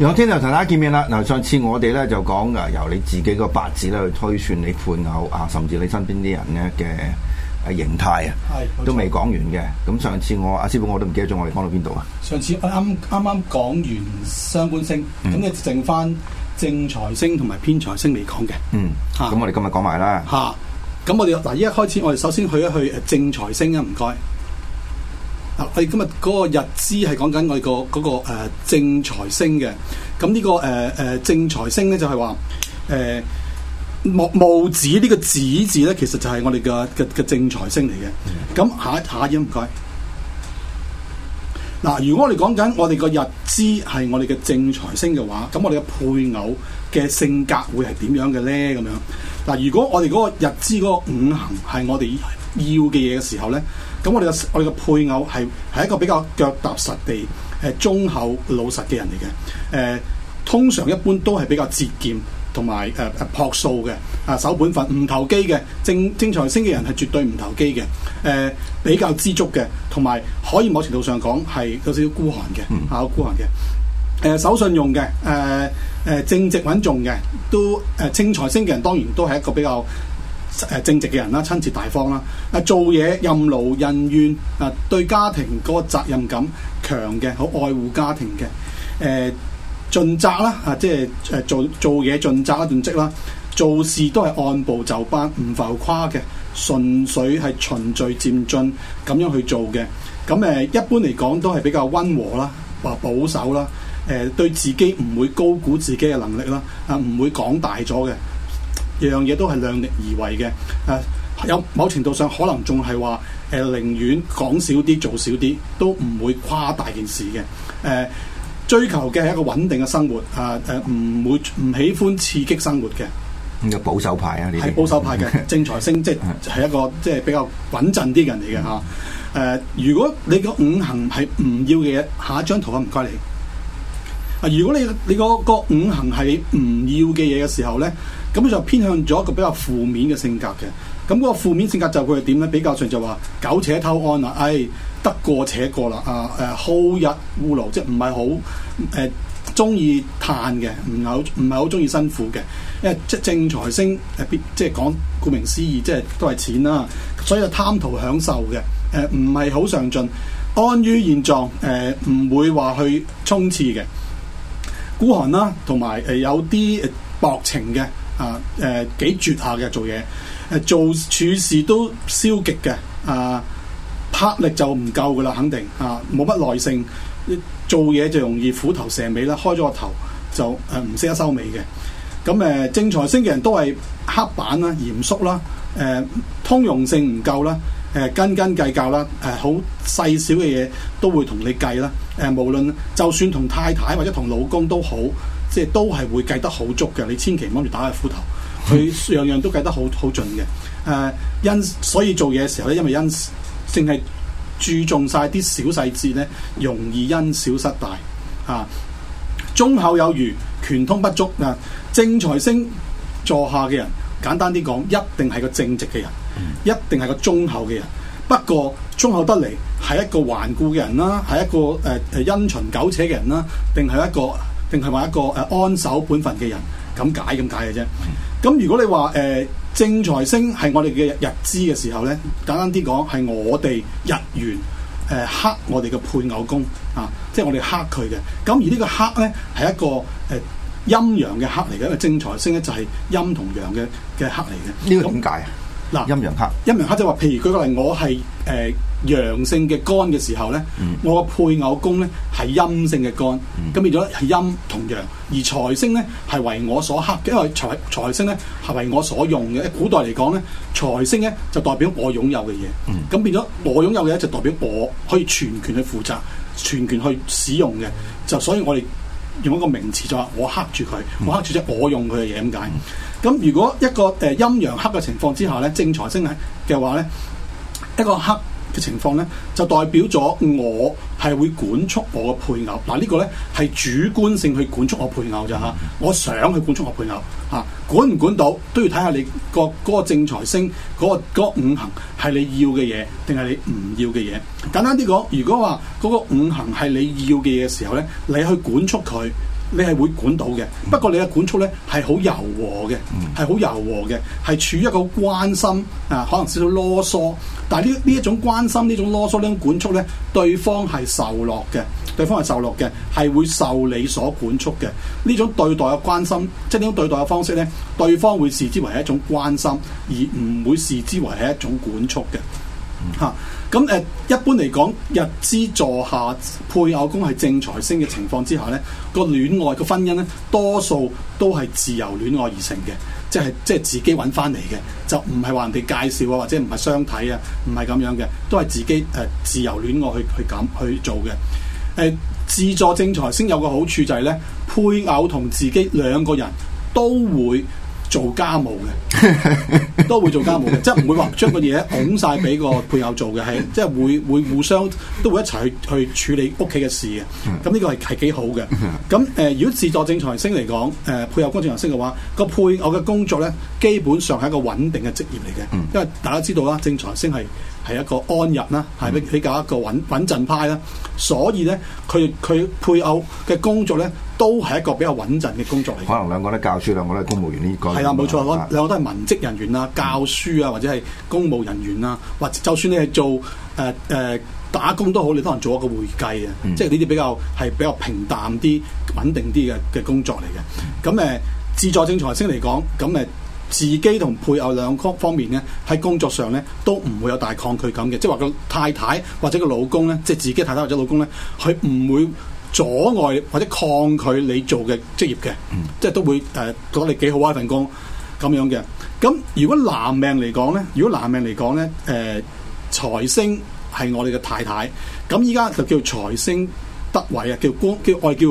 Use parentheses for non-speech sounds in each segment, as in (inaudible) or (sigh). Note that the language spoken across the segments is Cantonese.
我聽日同大家見面啦！嗱，上次我哋咧就講嘅由你自己個八字咧去推算你配偶啊，甚至你身邊啲人咧嘅形態啊，係都未講完嘅。咁上次我阿師傅我都唔記得咗，我哋講到邊度啊？上次啱啱啱講完傷官星，咁你剩翻正財星同埋偏財星未講嘅。嗯，咁我哋今日講埋啦。吓，咁我哋嗱，依一開始我哋首先去一去誒正財星啊，唔該。我哋今日嗰個日支係講緊我哋，那個嗰、那個誒、呃、正財星嘅。咁呢、這個誒誒、呃、正財星咧就係話誒木帽子呢個子字咧，其實就係我哋嘅嘅嘅正財星嚟嘅。咁下一下一唔該。嗱，如果我哋講緊我哋個日支係我哋嘅正財星嘅話，咁我哋嘅配偶嘅性格會係點樣嘅咧？咁樣嗱，如果我哋嗰個日支嗰個五行係我哋要嘅嘢嘅時候咧？咁我哋嘅我哋嘅配偶係係一個比較腳踏實地、誒、呃、忠厚老實嘅人嚟嘅。誒、呃、通常一般都係比較節儉同埋誒誒樸素嘅。啊守本分唔投機嘅，正正財星嘅人係絕對唔投機嘅。誒、呃、比較知足嘅，同埋可以某程度上講係有少少孤寒嘅，嗯、啊孤寒嘅。誒守信用嘅，誒、呃、誒正直穩重嘅，都誒、呃、正財星嘅人當然都係一個比較。誒正直嘅人啦，親切大方啦，啊做嘢任勞任怨，啊對家庭個責任感強嘅，好愛護家庭嘅，誒盡責啦，啊，啊即係誒、啊、做做嘢盡責啦盡職啦，做事都係按部就班，唔浮誇嘅，純粹係循序漸進咁樣去做嘅，咁、啊、誒一般嚟講都係比較溫和啦，或保守啦，誒、啊、對自己唔會高估自己嘅能力啦，啊唔會講大咗嘅。樣嘢都係量力而為嘅。誒、呃、有某程度上可能仲係話誒，寧願講少啲，做少啲，都唔會誇大件事嘅。誒、呃、追求嘅係一個穩定嘅生活啊。誒、呃、唔、呃、會唔喜歡刺激生活嘅。保守派啊，你係保守派嘅 (laughs) 正財星，即係係一個即係、即係、比較穩陣啲嘅人嚟嘅嚇。誒、 (laughs) 呃，如果你個五行係唔要嘅嘢，下一張圖啊，唔該你啊。如果你你個五行係唔要嘅嘢嘅時候咧。咁基本上偏向咗一個比較負面嘅性格嘅，咁、那、嗰個負面性格就佢係點咧？比較上就話苟且偷安啦，哎，得過且過啦，啊誒，好逸惡勞，即係唔係好誒中意嘆嘅，唔係好唔係好中意辛苦嘅，因為即係正財星誒、呃，即係講顧名思義，即係都係錢啦，所以就貪圖享受嘅，誒唔係好上進，安於現狀，誒、呃、唔會話去衝刺嘅，孤寒啦、啊，同埋誒有啲、呃、薄情嘅。啊，誒、呃、幾絕下嘅做嘢，誒做處事都消極嘅，啊，魄力就唔夠噶啦，肯定啊，冇乜耐性，做嘢就容易虎頭蛇尾啦，開咗個頭就誒唔識得收尾嘅。咁、啊、誒正財星嘅人都係刻板啦、嚴肅啦、誒、啊、通用性唔夠啦、誒斤斤計較啦、誒好細小嘅嘢都會同你計啦。誒、啊、無論就算同太太或者同老公都好。即係都係會計得好足嘅，你千祈唔好住打開斧頭，佢樣樣都計得好好盡嘅。誒、呃、因所以做嘢嘅時候咧，因為因淨係注重晒啲小細節咧，容易因小失大嚇、啊。忠厚有餘，權通不足啊！正財星坐下嘅人，簡單啲講，一定係個正直嘅人，一定係個忠厚嘅人。不過忠厚得嚟係一個頑固嘅人啦、啊，係一個誒誒因循苟且嘅人啦，定係一個。呃定係話一個誒安守本分嘅人咁解咁解嘅啫。咁如果你話誒、呃、正財星係我哋嘅日支嘅時候咧，簡單啲講係我哋日元誒克、呃、我哋嘅配偶宮啊，即係我哋克佢嘅。咁而呢個克呢咧係一個誒、呃、陰陽嘅克嚟嘅，因為正財星咧就係陰同陽嘅嘅克嚟嘅。呢個點解啊？嗱，陰陽克，陰陽克就係話，譬如舉個例，我係誒陽性嘅干嘅時候咧，嗯、我個配偶宮咧係陰性嘅干，咁、嗯、變咗係陰同陽。而財星咧係為我所克嘅，因為財財星咧係為我所用嘅。古代嚟講咧，財星咧就代表我擁有嘅嘢，咁、嗯、變咗我擁有嘅嘢就代表我可以全權去負責、全權去使用嘅，就所以我哋。用一個名詞就話我剋住佢，我剋住即係我用佢嘅嘢咁解。咁如果一個誒陰陽剋嘅情況之下咧，正財星係嘅話咧，一個剋。嘅情況呢，就代表咗我係會管束我嘅配偶。嗱，呢個呢係主觀性去管束我配偶咋。嚇、嗯。我想去管束我配偶嚇，管唔管到都要睇下你、嗰個嗰、嗰個、正財星嗰個五行係你要嘅嘢，定係你唔要嘅嘢。簡單啲講，如果話嗰、嗰個五行係你要嘅嘢嘅時候呢，你去管束佢。你係會管到嘅，不過你嘅管束咧係好柔和嘅，係好柔和嘅，係處於一個關心啊，可能少少囉嗦，但係呢呢一種關心、呢種囉嗦、呢種管束咧，對方係受落嘅，對方係受落嘅，係會受你所管束嘅。呢種對待嘅關心，即係呢種對待嘅方式咧，對方會視之為係一種關心，而唔會視之為係一種管束嘅。嚇、啊！咁誒、呃、一般嚟講，日支座下配偶宮係正財星嘅情況之下呢，個戀愛個婚姻呢，多數都係自由戀愛而成嘅，即係即係自己揾翻嚟嘅，就唔係話人哋介紹啊，或者唔係相睇啊，唔係咁樣嘅，都係自己誒、呃、自由戀愛去去咁去做嘅。誒、呃，自坐正財星有個好處就係呢，配偶同自己兩個人都會做家務嘅，都會做家務嘅， (laughs) 即係唔會話將個嘢拱晒俾個配偶做嘅，係即係會會互相都會一齊去去處理屋企嘅事嘅。咁呢 (laughs) 個係係幾好嘅。咁誒、 (laughs) 呃，如果自助正財星嚟講，誒、呃、配偶，公正配偶工作型星嘅話，個配偶嘅工作咧，基本上係一個穩定嘅職業嚟嘅， (laughs) 因為大家知道啦，正財星係。係一個安逸啦，係比較一個穩、嗯、穩陣派啦，所以咧，佢佢配偶嘅工作咧，都係一個比較穩陣嘅工作嚟。可能兩個都教書啦，兩個都係公務員呢、呢個係啊，冇錯，我、啊、兩個都係文職人員啊，嗯、教書啊，或者係公務人員啊，或者就算你係做誒誒、呃呃、打工都好，你都能做一個會計啊，即係呢啲比較係比較平淡啲、穩定啲嘅嘅工作嚟嘅。咁誒、嗯，資助政財星嚟講，咁誒。自己同配偶兩方面咧，喺工作上咧都唔會有大抗拒感嘅，即係話個太太或者個老公咧，即係自己太太或者老公咧，佢唔會阻礙或者抗拒你做嘅職業嘅，嗯、即係都會誒、呃、覺得你幾好啊份工咁樣嘅。咁如果男命嚟講咧，如果男命嚟講咧，誒財星係我哋嘅太太，咁依家就叫財星得位啊，叫宮叫愛叫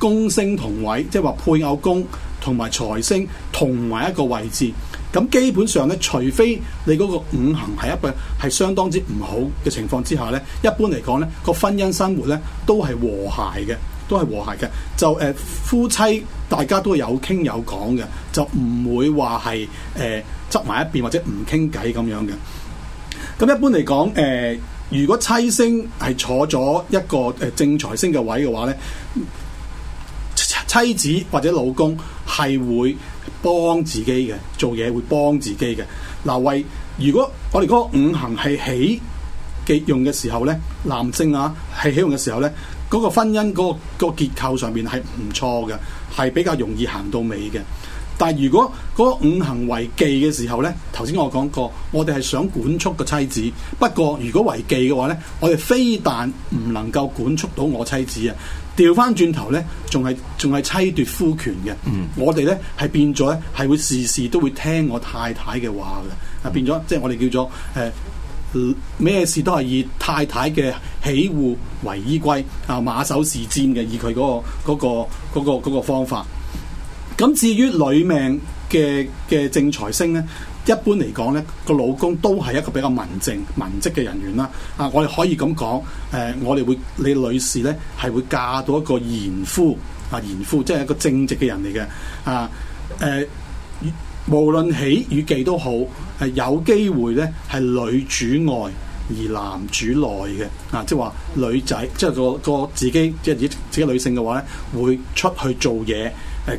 宮星同位，即係話配偶宮。同埋財星同埋一個位置，咁基本上咧，除非你嗰個五行係一個係相當之唔好嘅情況之下咧，一般嚟講咧，個婚姻生活咧都係和諧嘅，都係和諧嘅。就誒、呃、夫妻大家都有傾有講嘅，就唔會話係誒側埋一邊或者唔傾偈咁樣嘅。咁一般嚟講，誒、呃、如果妻星係坐咗一個誒正財星嘅位嘅話咧。妻子或者老公係會幫自己嘅做嘢，會幫自己嘅。嗱、啊，為如果我哋嗰五行係喜嘅用嘅時候呢，男性啊係喜用嘅時候呢，嗰、嗰個婚姻嗰、嗰個、嗰個結構上面係唔錯嘅，係比較容易行到尾嘅。但係如果嗰五行為忌嘅時候呢，頭先我講過，我哋係想管束個妻子。不過如果為忌嘅話呢，我哋非但唔能夠管束到我妻子啊，調翻轉頭呢，仲係仲係妻奪夫權嘅。嗯，我哋呢係變咗係會事事都會聽我太太嘅話嘅，啊變咗、嗯、即係我哋叫做，誒、呃、咩事都係以太太嘅喜惡為依歸啊，馬首是瞻嘅，以佢嗰、嗰個嗰、嗰個嗰、嗰個嗰個嗰個方法。咁至於女命嘅嘅正財星咧，一般嚟講咧，個老公都係一個比較文靜、文職嘅人員啦。啊，我哋可以咁講，誒、呃，我哋會你女士咧係會嫁到一個賢夫啊，賢夫即係一個正直嘅人嚟嘅。啊，誒、呃，無論喜與忌都好，係、啊、有機會咧係女主外而男主內嘅。啊，即係話女仔，即係個個自己，即係自己女性嘅話咧，會出去做嘢，誒、啊。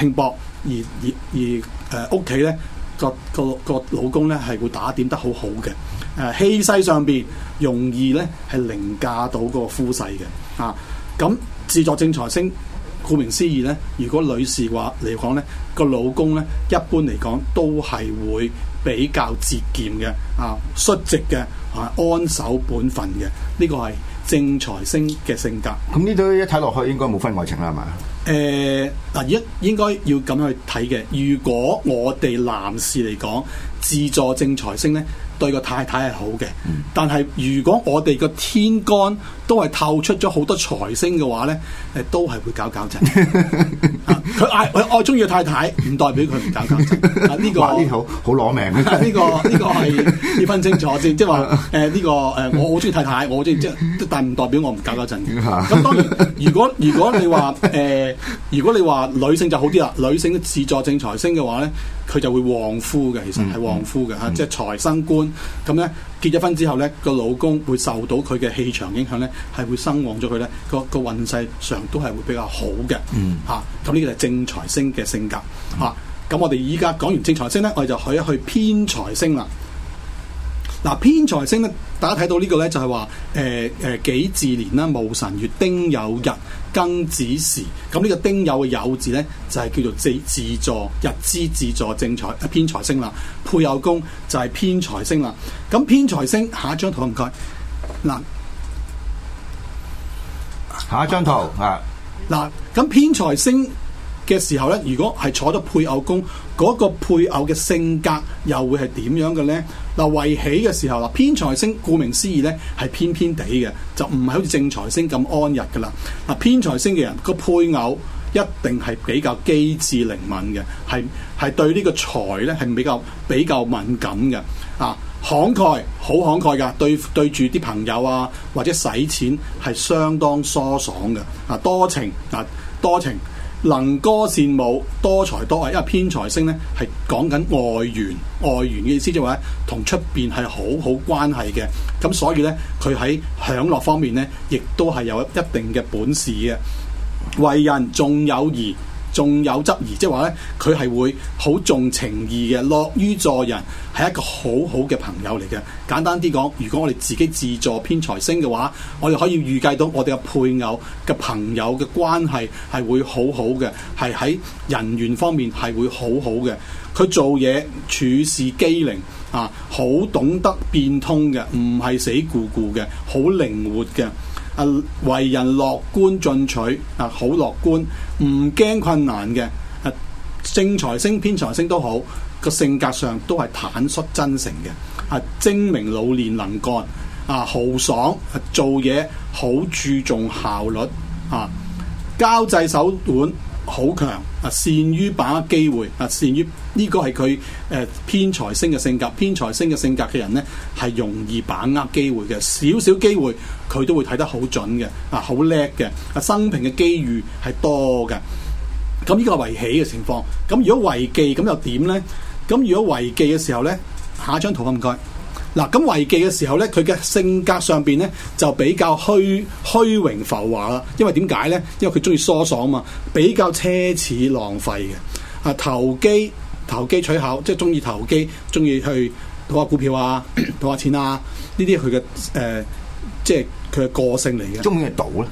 拼搏，而而而誒，屋企咧個個個老公咧係會打點得好好嘅，誒，氣勢上邊容易咧係凌駕到個夫婿嘅啊。咁自作正財星，顧名思義咧，如果女士嘅話嚟講咧，個老公咧一般嚟講都係會比較節儉嘅啊，率直嘅啊，安守本分嘅，呢、這個係正財星嘅性格。咁呢堆一睇落去，應該冇分外情啦，係嘛？誒，嗱、呃，一應該要咁樣去睇嘅。如果我哋男士嚟講，自助正財星咧，對個太太係好嘅，但係如果我哋個天干都係透出咗好多財星嘅話咧，誒都係會搞搞震。佢嗌、 (laughs) 啊、我我中意太太，唔代表佢唔搞搞震。呢、 (laughs) 啊這個呢好好攞命。呢、 (laughs) 這個呢、這個係要分清楚先，即係話誒呢個誒、呃、我好中意太太，我中意即係，但係唔代表我唔搞搞震。咁 (laughs) 當然，如果如果你話誒、呃、如果你話女性就好啲啦，女性嘅自助正財星嘅話咧。佢就會旺夫嘅，其實係旺夫嘅嚇，嗯、即係財生官。咁咧、嗯、結咗婚之後咧，個老公會受到佢嘅氣場影響咧，係會生旺咗佢咧，個個運勢上都係會比較好嘅嚇。咁呢個就係正財星嘅性格嚇。咁、嗯啊、我哋依家講完正財星咧，我哋就去一去偏財星啦。嗱，偏財星咧，大家睇到呢個咧就係話，誒誒己字年啦，戊辰月丁酉日庚子時，咁呢個丁酉嘅酉字咧就係叫做自自坐日支自坐正、正財偏財星啦，配偶宮就係偏財星啦。咁偏財星，下一張圖唔該，嗱，下一張圖喏啊，嗱咁偏財星。嘅時候咧，如果係坐得配偶宮，嗰個配偶嘅性格又會係點樣嘅呢？嗱，為喜嘅時候啦，偏財星，顧名思義呢係偏偏地嘅，就唔係好似正財星咁安逸噶啦。嗱，偏財星嘅人個配偶一定係比較機智靈敏嘅，係係對呢個財呢係比較比較敏感嘅。啊，慷慨好慷慨噶，對對住啲朋友啊，或者使錢係相當疏爽嘅。啊，多情啊，多情。多情能歌善舞，多才多藝，因為偏財星咧係講緊外緣，外緣嘅意思，就是，即係話同出邊係好好關係嘅，咁所以咧佢喺享樂方面咧，亦都係有一定嘅本事嘅，為人仲有誼。仲有質疑，即係話咧，佢係會好重情義嘅，樂於助人，係一個好好嘅朋友嚟嘅。簡單啲講，如果我哋自己自助偏財星嘅話，我哋可以預計到我哋嘅配偶嘅朋友嘅關係係會好好嘅，係喺人緣方面係會好好嘅。佢做嘢處事機靈，啊，好懂得變通嘅，唔係死固固嘅，好靈活嘅。啊，為人樂觀進取，啊，好樂觀，唔驚困難嘅。啊，正財星、偏財星都好，個性格上都係坦率真誠嘅。啊，精明老練能幹，啊，豪爽，啊，做嘢好注重效率，啊，交際手段。好強啊，善於把握機會啊，善於呢個係佢誒偏財星嘅性格，偏財星嘅性格嘅人呢，係容易把握機會嘅，少少機會佢都會睇得好準嘅啊，好叻嘅啊，生平嘅機遇係多嘅。咁呢個係為喜嘅情況，咁如果為忌咁又點呢？咁如果為忌嘅時候呢，下一張圖啊，唔該。嗱咁，為忌嘅時候咧，佢嘅性格上邊咧就比較虛虛榮浮華啦。因為點解咧？因為佢中意疏爽啊嘛，比較奢侈浪費嘅。啊，投機投機取巧，即係中意投機，中意去賭下股票啊，賭下 (coughs) 錢啊，呢啲佢嘅誒，即係佢嘅個性嚟嘅。中意係賭咧。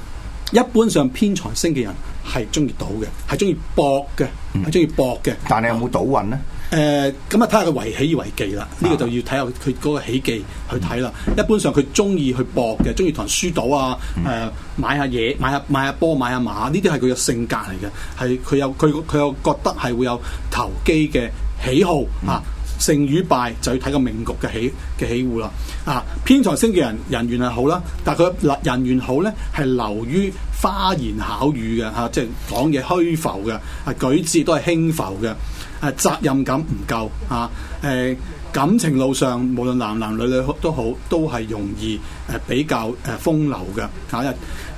一般上偏財星嘅人係中意賭嘅，係中意博嘅，係中意博嘅。但你有冇賭運咧？嗯 (coughs) 誒咁啊！睇下佢為喜以為忌啦，呢、這個就要睇下佢嗰個喜忌去睇啦。一般上佢中意去搏嘅，中意同人輸賭啊！誒買下嘢，買下買,下,買下波，買下馬，呢啲係佢嘅性格嚟嘅，係佢有佢佢有覺得係會有投機嘅喜好啊。勝與敗就要睇個命局嘅喜嘅喜惡啦。啊，偏財星嘅人人緣係好啦，但係佢人緣好咧係流於花言巧語嘅嚇、啊，即係講嘢虛浮嘅，啊舉止都係輕浮嘅。誒責任感唔夠啊！誒感情路上，無論男男女女都好，都係容易誒、呃、比較誒風流嘅嚇。呢、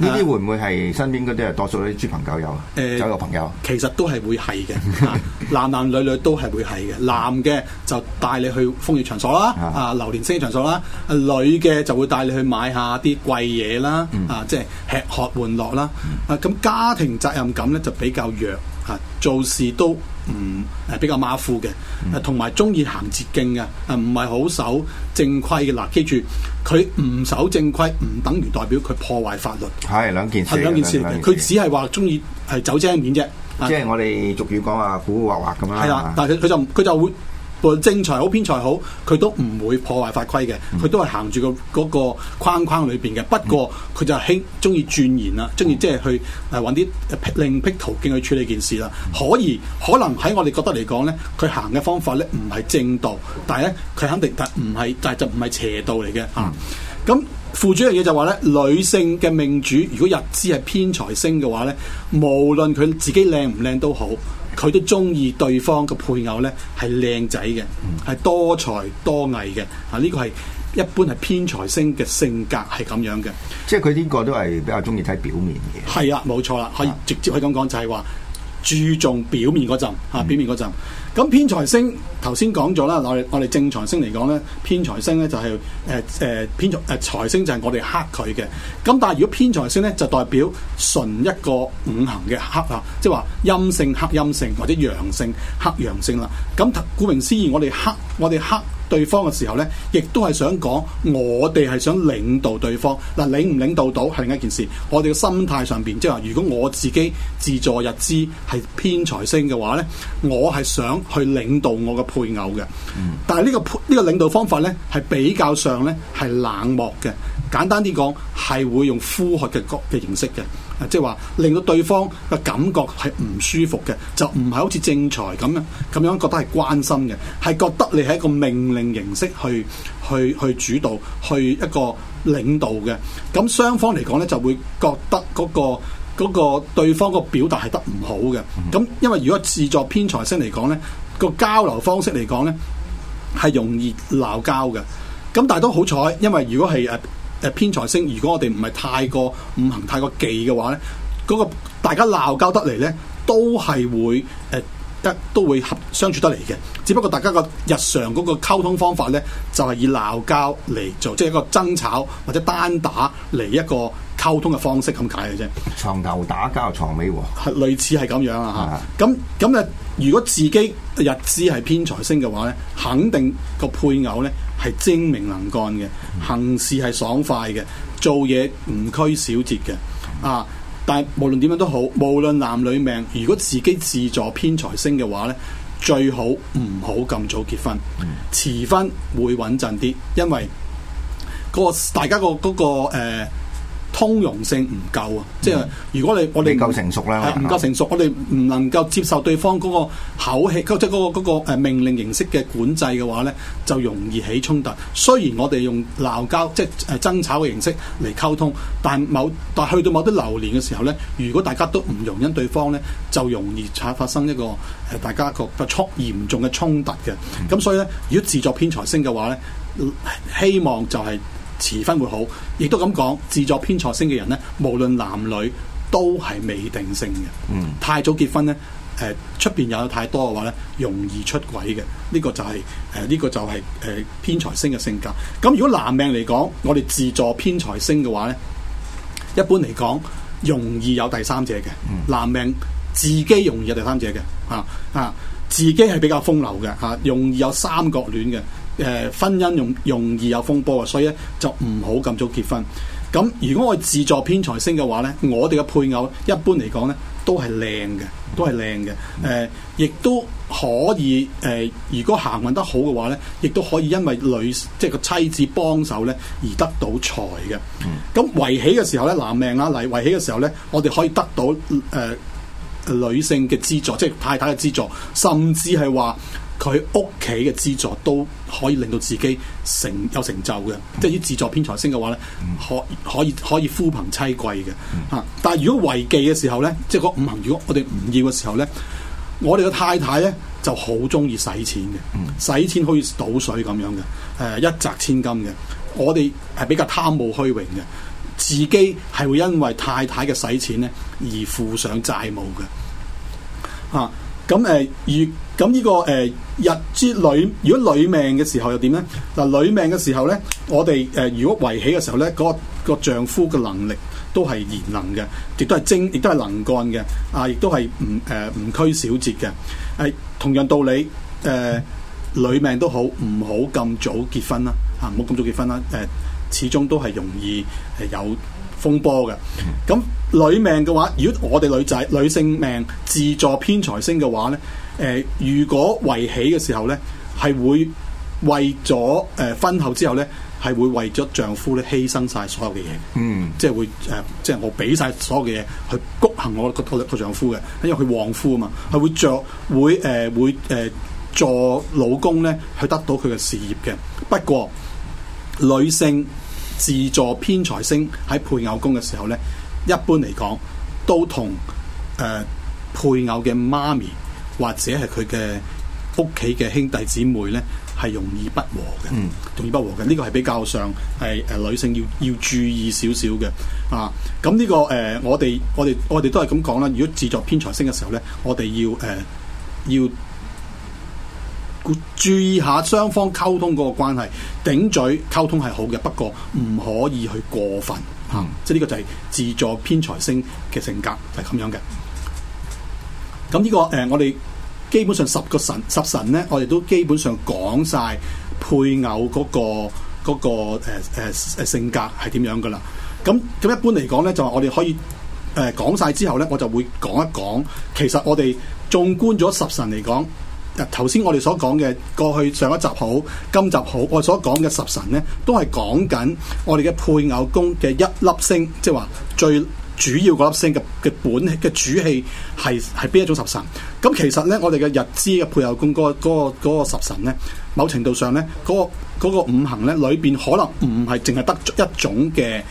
啊、啲會唔會係身邊嗰啲啊？多數啲豬朋狗友啊，酒肉朋友，其實都係會係嘅。啊、 (laughs) 男男女女都係會係嘅。男嘅就帶你去風月場所啦，啊流連聲色場所啦；女嘅就會帶你去買下啲貴嘢啦，啊即係、就是、吃喝玩樂啦。啊咁、啊、家庭責任感咧就比較弱嚇、啊，做事都。唔，誒、嗯、比較馬虎嘅，同埋中意行捷徑嘅，誒唔係好守正規嘅嗱、啊。記住，佢唔守正規唔等於代表佢破壞法律，係兩件事，係兩件事嚟嘅。佢只係話中意係走精面啫，即係我哋俗語講話古古惑惑咁樣。係啦，但係佢佢就唔佢就會。正財好偏財好，佢都唔會破壞法規嘅，佢都係行住個嗰框框裏邊嘅。不過佢就輕中意鑽研啦，中意即係去誒揾啲另闢途徑去處理件事啦。可以可能喺我哋覺得嚟講咧，佢行嘅方法咧唔係正道，但係咧佢肯定但唔係，但係就唔係邪道嚟嘅嚇。咁、啊嗯、副主嘅嘢就話咧，女性嘅命主如果日支係偏財星嘅話咧，無論佢自己靚唔靚都好。佢都中意對方嘅配偶咧，係靚仔嘅，係多才多藝嘅。啊，呢、這個係一般係偏財星嘅性格係咁樣嘅。即係佢呢個都係比較中意睇表面嘅。係啊，冇錯啦，啊、可以直接可以咁講就係、是、話注重表面嗰陣、啊、表面嗰陣。嗯咁偏財星，頭先講咗啦。我我哋正財星嚟講咧，偏財星咧就係誒誒偏財誒財星就係我哋克佢嘅。咁但係如果偏財星咧，就代表純一個五行嘅克，啊，即係話陰性克陰性或者陽性克陽性啦。咁顧名思義，我哋克。我哋克對方嘅時候呢，亦都係想講我哋係想領導對方嗱，領唔領導到係另一件事。我哋嘅心態上邊，即係話如果我自己自助日支係偏財星嘅話呢，我係想去領導我嘅配偶嘅。但係呢個呢個領導方法呢，係比較上呢係冷漠嘅。簡單啲講，係會用呼喝嘅角嘅形式嘅。即係話令到對方嘅感覺係唔舒服嘅，就唔係好似正財咁樣咁樣覺得係關心嘅，係覺得你係一個命令形式去去去主導去一個領導嘅。咁雙方嚟講呢，就會覺得嗰個嗰個對方個表達係得唔好嘅。咁因為如果自作偏財星嚟講呢，個交流方式嚟講呢係容易鬧交嘅。咁但係都好彩，因為如果係誒。誒偏財星，如果我哋唔係太過五行太過忌嘅話呢，嗰、嗰個大家鬧交得嚟呢，都係會誒得、呃、都會合相處得嚟嘅。只不過大家個日常嗰個溝通方法呢，就係、係、以鬧交嚟做，即係一個爭吵或者單打嚟一個溝通嘅方式咁解嘅啫。床頭打交床尾和，類似係咁樣啊嚇。咁咁誒，如果自己日支係偏財星嘅話呢，肯定個配偶呢。係精明能幹嘅，行事係爽快嘅，做嘢唔拘小節嘅，啊！但係無論點樣都好，無論男女命，如果自己自助偏財星嘅話呢，最好唔好咁早結婚，遲婚會穩陣啲，因為、個大家、個嗰、個、呃通融性唔夠啊！即係如果你我哋唔夠成熟啦，唔夠成熟，嗯、我哋唔能夠接受對方嗰個口氣，即係嗰個命令形式嘅管制嘅話呢，就容易起衝突。雖然我哋用鬧交即係爭吵嘅形式嚟溝通，但係某但去到某啲流年嘅時候呢，如果大家都唔容忍對方呢，就容易發生一個誒大家個個衝嚴重嘅衝突嘅。咁所以呢，如果自作偏財星嘅話呢，希望就係、是。遲婚會好，亦都咁講。自助偏財星嘅人呢，無論男女都係未定性嘅。嗯，太早結婚呢，誒出邊有太多嘅話呢，容易出軌嘅。呢、呢個就係誒呢個就係誒偏財星嘅性格。咁如果男命嚟講，我哋自助偏財星嘅話呢，一般嚟講容易有第三者嘅。嗯、男命自己容易有第三者嘅，嚇、啊、嚇、啊、自己係比較風流嘅，嚇、啊、容易有三角戀嘅。誒、呃、婚姻容容易有風波啊，所以咧就唔好咁早結婚。咁如果我自助偏財星嘅話咧，我哋嘅配偶一般嚟講咧都係靚嘅，都係靚嘅。誒，亦、呃、都可以誒、呃，如果行運得好嘅話咧，亦都可以因為女即係個妻子幫手咧而得到財嘅。咁圍起嘅時候咧，男命啊，嚟圍起嘅時候咧，我哋可以得到誒、呃、女性嘅資助，即係太太嘅資助，甚至係話。佢屋企嘅資助都可以令到自己成有成就嘅，即係啲資助偏財星嘅話咧、嗯，可以可以可以夫憑妻貴嘅嚇。嗯、但係如果為忌嘅時候咧，即係個五行如果我哋唔要嘅時候咧，我哋嘅太太咧就好中意使錢嘅，使錢好似倒水咁樣嘅，誒，一擲千金嘅。我哋係比較貪慕虛榮嘅，自己係會因為太太嘅使錢咧而負上債務嘅嚇。啊。咁誒月咁呢個誒、呃、日支女，如果女命嘅時候又點咧？嗱，女命嘅時候咧，我哋誒、呃、如果圍起嘅時候咧，嗰個、嗰個丈夫嘅能力都係賢能嘅，亦都係精，亦都係能幹嘅，啊，亦都係唔誒唔拘小節嘅。誒、啊，同樣道理，誒、呃、女命都好，唔好咁早結婚啦，嚇、啊，唔好咁早結婚啦，誒、啊。始終都係容易係、呃、有風波嘅。咁女命嘅話，如果我哋女仔女性命自助偏財星嘅話咧，誒、呃，如果為喜嘅時候咧，係會為咗誒、呃、婚後之後咧，係會為咗丈夫咧犧牲晒所有嘅嘢。嗯，即係會誒、呃，即係我俾晒所有嘅嘢去谷行我個個個丈夫嘅，因為佢旺夫啊嘛，係會着會誒、呃、會誒助、呃、老公咧去得到佢嘅事業嘅。不過女性。自助偏財星喺配偶宮嘅時候呢，一般嚟講都同誒、呃、配偶嘅媽咪或者係佢嘅屋企嘅兄弟姊妹呢，係容易不和嘅，容易不和嘅呢、這個係比較上係誒、呃、女性要要注意少少嘅啊。咁呢、這個誒、呃、我哋我哋我哋都係咁講啦。如果自助偏財星嘅時候呢，我哋要誒要。呃要注意下雙方溝通嗰個關係，頂嘴溝通係好嘅，不過唔可以去過分，嗯、即係呢個就係自助偏財星嘅性格係咁、就係、樣嘅。咁呢、呢個誒、呃，我哋基本上十個神十神呢，我哋都基本上講晒配偶嗰、嗰個嗰、嗰個誒、呃呃、性格係點樣噶啦。咁咁一般嚟講呢，就係、我哋可以誒、呃、講晒之後呢，我就會講一講，其實我哋縱觀咗十神嚟講。嗱，頭先我哋所講嘅過去上一集好，今集好，我所講嘅十神呢，都係講緊我哋嘅配偶宮嘅一粒星，即係話最主要嗰粒星嘅嘅本嘅主氣係係邊一種十神？咁、嗯、其實呢，我哋嘅日支嘅配偶宮嗰嗰個十神呢，某程度上呢，嗰、嗰個嗰個五行呢裏邊可能唔係淨係得一種嘅。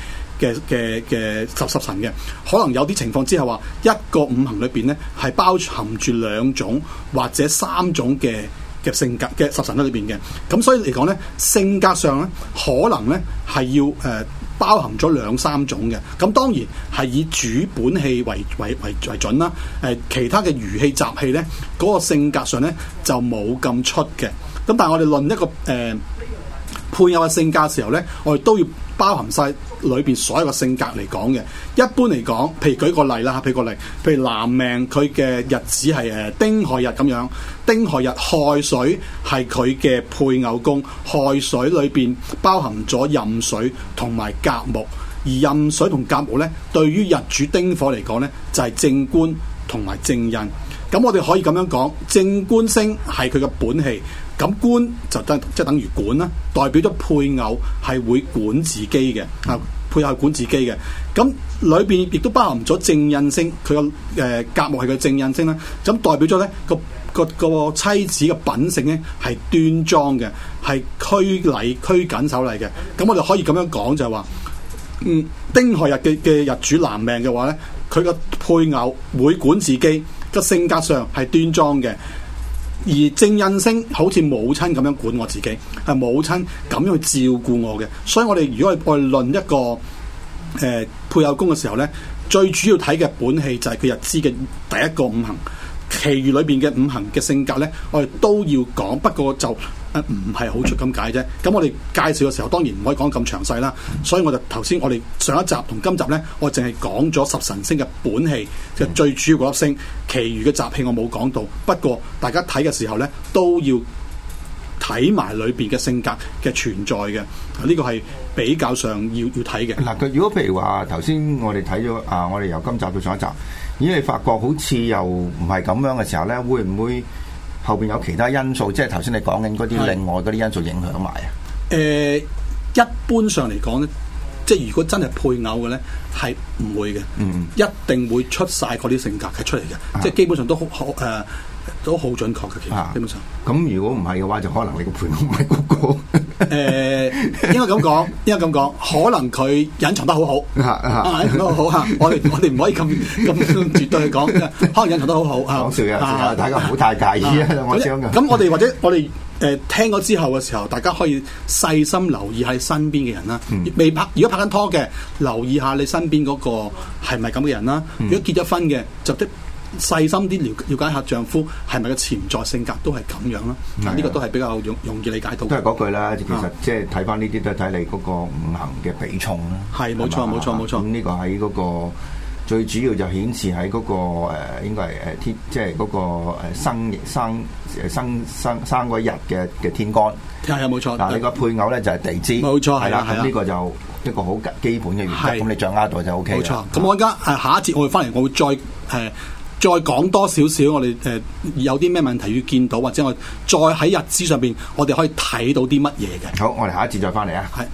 嘅嘅嘅十十神嘅，可能有啲情況之下話一個五行裏邊咧，係包含住兩種或者三種嘅嘅性格嘅十神喺裏邊嘅，咁所以嚟講咧，性格上咧可能咧係要誒、呃、包含咗兩三種嘅，咁當然係以主本氣為為為為準啦。誒、呃、其他嘅餘氣、雜氣咧嗰、那個性格上咧就冇咁出嘅，咁但係我哋論一個誒配偶嘅性格時候咧，我哋都要包含晒。裏邊所有嘅性格嚟講嘅，一般嚟講，譬如舉個例啦，譬如個例，譬如男命佢嘅日子係誒丁亥日咁樣，丁亥日亥水係佢嘅配偶宮，亥水裏邊包含咗壬水同埋甲木，而壬水同甲木呢，對於日主丁火嚟講呢，就係正官同埋正印。咁我哋可以咁樣講，正官星係佢嘅本氣，咁官就等即係、就是、等於管啦，代表咗配偶係會管自己嘅，啊，配偶係管自己嘅。咁裏邊亦都包含咗正印星，佢嘅誒甲木係佢正印星啦。咁代表咗咧個個,個妻子嘅品性咧係端莊嘅，係拘禮拘謹守禮嘅。咁我哋可以咁樣講就係、是、話，嗯，丁亥日嘅嘅日主男命嘅話咧，佢個配偶會管自己。個性格上係端莊嘅，而正印星好似母親咁樣管我自己，係母親咁樣去照顧我嘅。所以我哋如果係我哋論一個誒、呃、配偶宮嘅時候呢，最主要睇嘅本氣就係佢日支嘅第一個五行，其餘裏邊嘅五行嘅性格呢，我哋都要講。不過就。唔係好出咁解啫，咁我哋介紹嘅時候當然唔可以講咁詳細啦，所以我就頭先我哋上一集同今集呢，我淨係講咗十神星嘅本氣嘅、嗯、最主要嗰粒星，其餘嘅雜氣我冇講到。不過大家睇嘅時候呢，都要睇埋裏邊嘅性格嘅存在嘅，呢個係比較上要要睇嘅。嗱，如果譬如話頭先我哋睇咗啊，我哋由今集到上一集，咦？你發覺好似又唔係咁樣嘅時候呢，會唔會？後邊有其他因素，即係頭先你講緊嗰啲另外嗰啲因素影響埋啊。誒、呃，一般上嚟講咧，即係如果真係配偶嘅咧，係唔會嘅，嗯，一定會出晒嗰啲性格嘅出嚟嘅，啊、即係基本上都好，好誒。呃都好準確嘅，其實基本上。咁如果唔係嘅話，就可能你個盤唔係嗰個。誒，應該咁講，應該咁講，可能佢隱藏得好好。好吓。我哋我哋唔可以咁咁絕對去講，可能隱藏得好好。講笑大家唔好太介意啊。咁我哋或者我哋誒聽咗之後嘅時候，大家可以細心留意下身邊嘅人啦。未拍如果拍緊拖嘅，留意下你身邊嗰個係咪咁嘅人啦。如果結咗婚嘅，就的。細心啲了了解下丈夫係咪個潛在性格都係咁樣囉，嗱呢個都係比較容容易理解到。都係嗰句啦，其實即係睇翻呢啲都係睇你嗰個五行嘅比重啦。係冇錯冇錯冇錯。咁呢個喺嗰個最主要就顯示喺嗰個誒，應該係誒天，即係嗰個誒生生生生生嗰日嘅嘅天干。係啊冇錯。嗱你個配偶咧就係地支。冇錯係啦。咁呢個就一個好基本嘅原則。咁你掌握到就 OK。冇錯。咁我而家誒下一節我會翻嚟我會再誒。再講多少少，我哋、呃、有啲咩問題要見到？或者我再喺日誌上面，我哋可以睇到啲乜嘢嘅？好，我哋下一次再翻嚟啊。係。